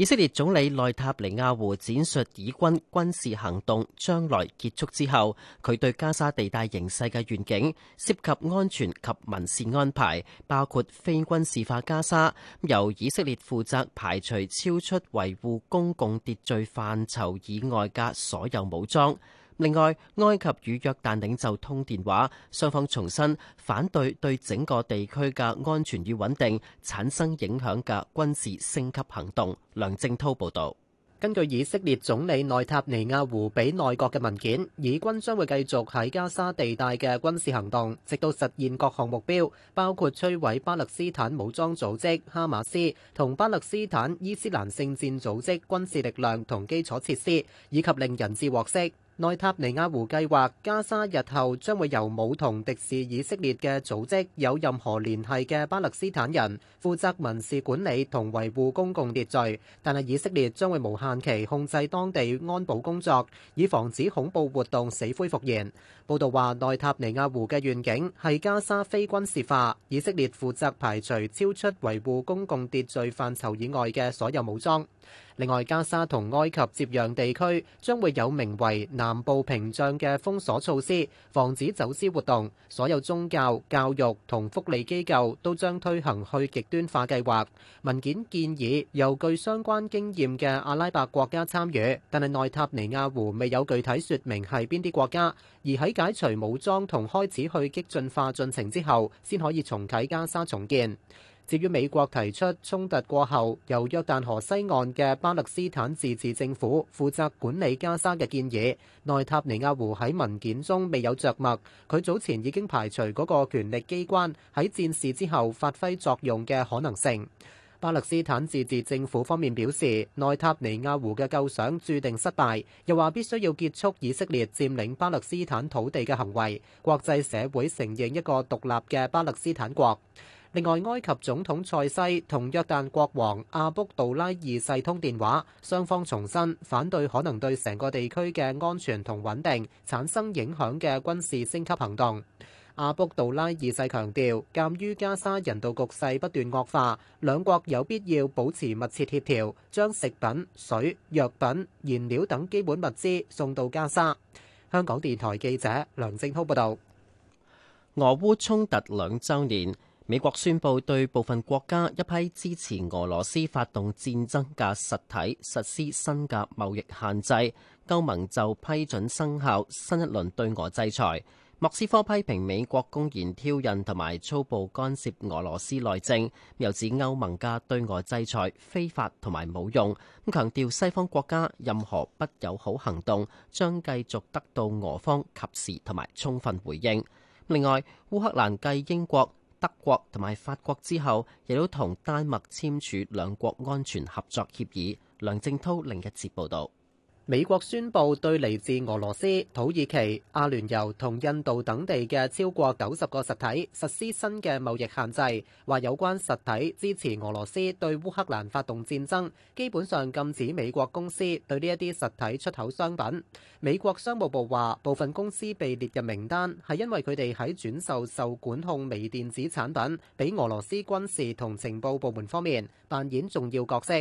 以色列總理內塔尼亞胡闡述以軍軍事行動將來結束之後，佢對加沙地帶形勢嘅願景涉及安全及民事安排，包括非軍事化加沙，由以色列負責排除超出維護公共秩序範疇以外嘅所有武裝。另外，埃及與約旦領袖，領袖通電話，雙方重申反對對整個地區嘅安全與穩定產生影響嘅軍事升級行動。梁正濤報道。根據以色列總理內塔尼亞胡俾內閣嘅文件，以軍將會繼續喺加沙地帶嘅軍事行動，直到實現各項目標，包括摧毀巴勒斯坦武裝組織哈馬斯同巴勒斯坦伊斯蘭聖戰組織軍事力量同基礎設施，以及令人質獲釋。內塔尼亞胡計劃，加沙日後將會由冇同敵視以色列嘅組織有任何聯繫嘅巴勒斯坦人負責民事管理同維護公共秩序，但係以色列將會無限期控制當地安保工作，以防止恐怖活動死灰復燃。報道話，內塔尼亞胡嘅願景係加沙非軍事化，以色列負責排除超出維護公共秩序範疇以外嘅所有武裝。另外，加沙同埃及接壤地區將會有名為南部屏障嘅封鎖措施，防止走私活動。所有宗教、教育同福利機構都將推行去極端化計劃。文件建議由具相關經驗嘅阿拉伯國家參與，但係內塔尼亞胡未有具體説明係邊啲國家。而喺解除武裝同開始去激進化進程之後，先可以重啟加沙重建。至於美國提出衝突過後由約旦河西岸嘅巴勒斯坦自治政府負責管理加沙嘅建議，內塔尼亞胡喺文件中未有着墨。佢早前已經排除嗰個權力機關喺戰事之後發揮作用嘅可能性。巴勒斯坦自治政府方面表示，內塔尼亞胡嘅構想註定失敗，又話必須要結束以色列佔領巴勒斯坦土地嘅行為，國際社會承認一個獨立嘅巴勒斯坦國。另外，埃及總統塞西同約旦國王阿卜杜拉二世通電話，雙方重申反對可能對成個地區嘅安全同穩定產生影響嘅軍事升級行動。阿卜杜拉二世強調，鑑於加沙人道局勢不斷惡化，兩國有必要保持密切協調，將食品、水、藥品、燃料等基本物資送到加沙。香港電台記者梁正浩報道。俄烏衝突兩週年。美國宣布對部分國家一批支持俄羅斯發動戰爭嘅實體實施新嘅貿易限制。歐盟就批准生效新一輪對俄制裁。莫斯科批評美國公然挑釁同埋粗暴干涉俄羅斯內政，又指歐盟嘅對外制裁非法同埋冇用。咁強調西方國家任何不友好行動將繼續得到俄方及時同埋充分回應。另外，烏克蘭繼英國、德國同埋法國之後，亦都同丹麥簽署兩國安全合作協議。梁正濤另一節報導。美國宣布對嚟自俄羅斯、土耳其、阿聯酋同印度等地嘅超過九十個實體實施新嘅貿易限制，話有關實體支持俄羅斯對烏克蘭發動戰爭，基本上禁止美國公司對呢一啲實體出口商品。美國商務部話，部分公司被列入名單係因為佢哋喺轉售受管控微電子產品，俾俄羅斯軍事同情報部門方面扮演重要角色。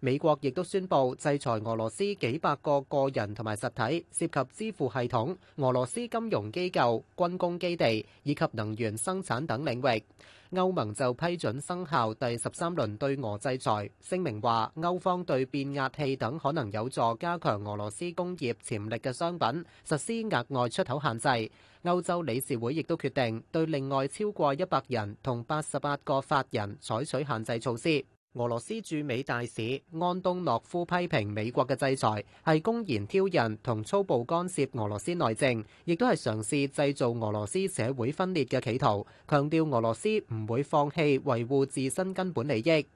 美國亦都宣布制裁俄羅斯幾百個個人同埋實體，涉及支付系統、俄羅斯金融機構、軍工基地，以及能源生產等領域。歐盟就批准生效第十三輪對俄制裁聲明，話歐方對變壓器等可能有助加強俄羅斯工業潛力嘅商品實施額外出口限制。歐洲理事會亦都決定對另外超過一百人同八十八個法人採取限制措施。俄羅斯駐美大使安東諾夫批評美國嘅制裁係公然挑釁同粗暴干涉俄羅斯內政，亦都係嘗試製造俄羅斯社會分裂嘅企圖。強調俄羅斯唔會放棄維護自身根本利益。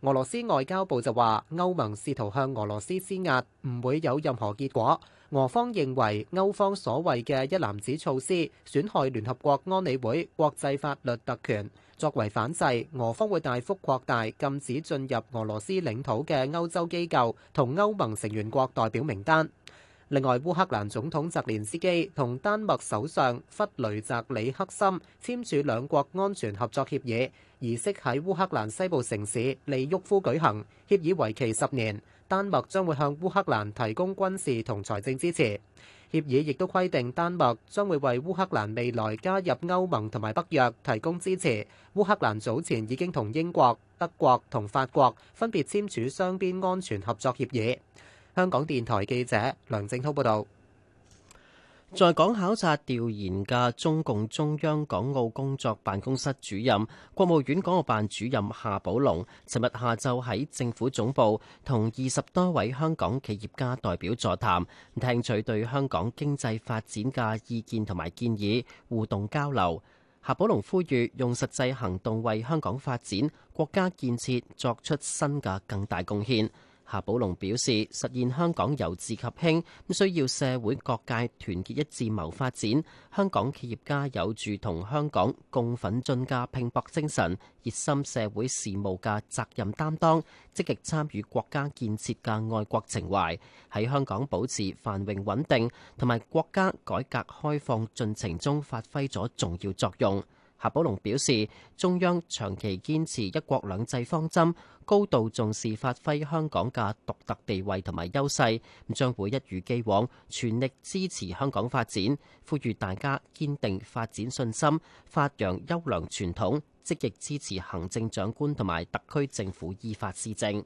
俄羅斯外交部就話：歐盟試圖向俄羅斯施壓，唔會有任何結果。俄方認為歐方所謂嘅一籃子措施損害聯合國安理會國際法律特權。作為反制，俄方會大幅擴大禁止進入俄羅斯領土嘅歐洲機構同歐盟成員國代表名單。另外，烏克蘭總統澤連斯基同丹麥首相弗雷澤里克森簽署兩國安全合作協議，儀式喺烏克蘭西部城市利沃夫舉行。協議為期十年，丹麥將會向烏克蘭提供軍事同財政支持。協議亦都規定，丹麥將會為烏克蘭未來加入歐盟同埋北約提供支持。烏克蘭早前已經同英國、德國同法國分別簽署雙邊安全合作協議。香港電台記者梁正滔報導。在港考察調研嘅中共中央港澳工作辦公室主任、國務院港澳辦主任夏寶龍，尋日下晝喺政府總部同二十多位香港企業家代表座談，聽取對香港經濟發展嘅意見同埋建議，互動交流。夏寶龍呼籲用實際行動為香港發展、國家建設作出新嘅更大貢獻。夏寶龍表示，實現香港由治及興，需要社會各界團結一致謀發展。香港企業家有住同香港共奮進嘅拼搏精神、熱心社會事務嘅責任擔當、積極參與國家建設嘅愛國情懷，喺香港保持繁榮穩定同埋國家改革開放進程中發揮咗重要作用。夏寶龍表示，中央長期堅持一國兩制方針，高度重視發揮香港嘅獨特地位同埋優勢，咁將會一如既往全力支持香港發展，呼籲大家堅定發展信心，發揚優良傳統，積極支持行政長官同埋特區政府依法施政。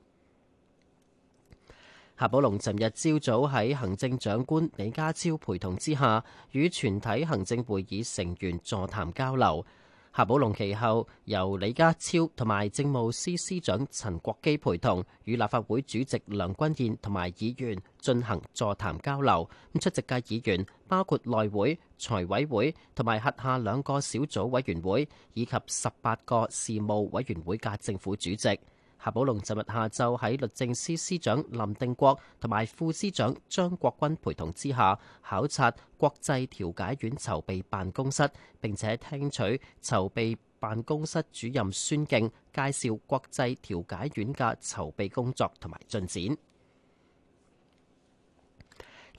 夏寶龍尋日朝早喺行政長官李家超陪同之下，與全體行政會議成員座談交流。夏寶龍其後由李家超同埋政務司司長陳國基陪同，與立法會主席梁君彥同埋議員進行座談交流。咁出席嘅議員包括內會、財委會同埋轄下兩個小組委員會，以及十八個事務委員會嘅政府主席。夏寶龍尋日下晝喺律政司司長林定國同埋副司長張國軍陪同之下，考察國際調解院籌備辦公室，並且聽取籌備辦公室主任孫敬介紹國際調解院嘅籌備工作同埋進展。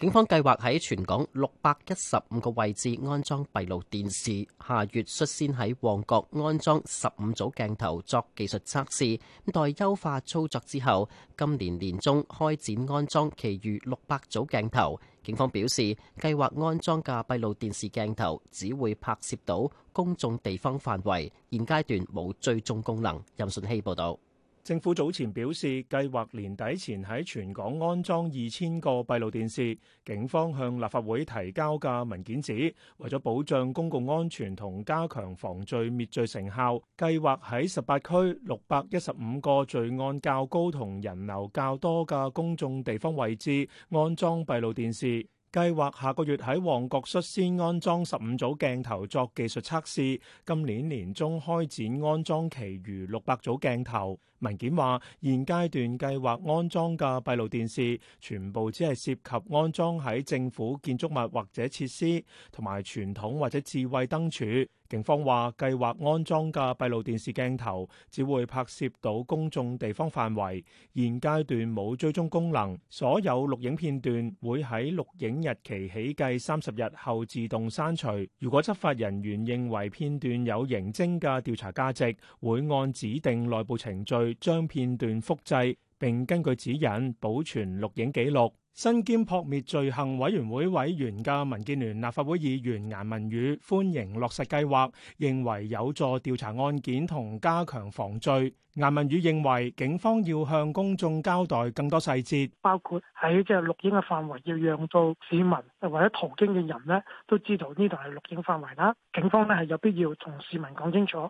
警方計劃喺全港六百一十五個位置安裝閉路電視，下月率先喺旺角安裝十五組鏡頭作技術測試，待優化操作之後，今年年中開展安裝其餘六百組鏡頭。警方表示，計劃安裝嘅閉路電視鏡頭只會拍攝到公眾地方範圍，現階段冇追蹤功能。任信希報導。政府早前表示，計劃年底前喺全港安裝二千個閉路電視。警方向立法會提交嘅文件指，為咗保障公共安全同加強防罪滅罪成效，計劃喺十八區六百一十五個罪案較高同人流較多嘅公眾地方位置安裝閉路電視。計劃下個月喺旺角率先安裝十五組鏡頭作技術測試，今年年中開展安裝其餘六百組鏡頭。文件話：現階段計劃安裝嘅閉路電視，全部只係涉及安裝喺政府建築物或者設施，同埋傳統或者智慧燈柱。警方話，計劃安裝嘅閉路電視鏡頭，只會拍攝到公眾地方範圍。現階段冇追蹤功能，所有錄影片段會喺錄影日期起計三十日後自動刪除。如果執法人員認為片段有刑偵嘅調查價值，會按指定內部程序，將片段複製，並根據指引保存錄影記錄。身兼撲滅罪行委員會委員嘅民建聯立法會議員顏文宇歡迎落實計劃，認為有助調查案件同加強防罪。顏文宇認為警方要向公眾交代更多細節，包括喺即係錄影嘅範圍要讓到市民或者途經嘅人呢都知道呢度係錄影範圍啦。警方呢係有必要同市民講清楚。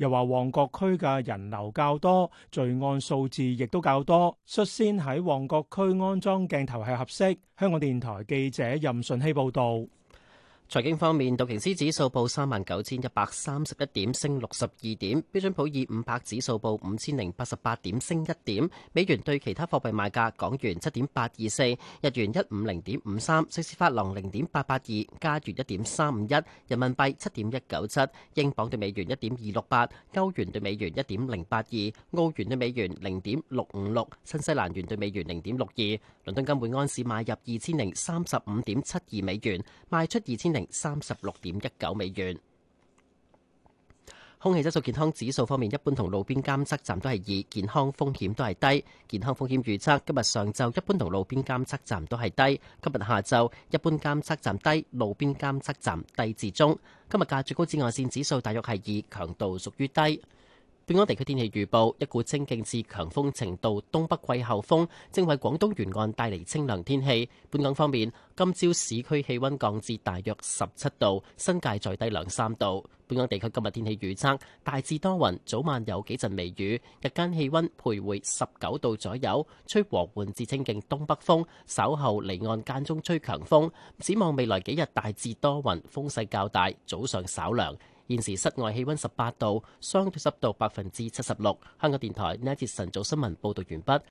又話旺角區嘅人流較多，罪案數字亦都較多，率先喺旺角區安裝鏡頭係合適。香港電台記者任順希報導。財經方面，道瓊斯指數報三萬九千一百三十一點，升六十二點；標準普爾五百指數報五千零八十八點，升一點。美元對其他貨幣賣價：港元七點八二四，日元一五零點五三，瑞士法郎零點八八二，加元一點三五一，人民幣七點一九七，英鎊對美元一點二六八，歐元對美元一點零八二，澳元對美元零點六五六，新西蘭元對美元零點六二。倫敦金每安士買入二千零三十五點七二美元，賣出二千零三十六點一九美元。空氣質素健康指數方面，一般同路邊監測站都係二，健康風險都係低。健康風險預測，今日上晝一般同路邊監測站都係低，今日下晝一般監測站低，路邊監測站低至中。今日嘅最高紫外線指數大約係二，強度屬於低。本港地區天氣預報：一股清勁至強風程度東北季候風正為廣東沿岸帶嚟清涼天氣。本港方面，今朝市區氣溫降至大約十七度，新界再低兩三度。本港地區今日天氣預測大致多雲，早晚有幾陣微雨，日間氣溫徘徊十九度左右，吹和緩至清勁東北風，稍後離岸間中吹強風。展望未來幾日，大致多雲，風勢較大，早上稍涼。現時室外氣溫十八度，相對濕度百分之七十六。香港電台呢一節晨早新聞報道完畢。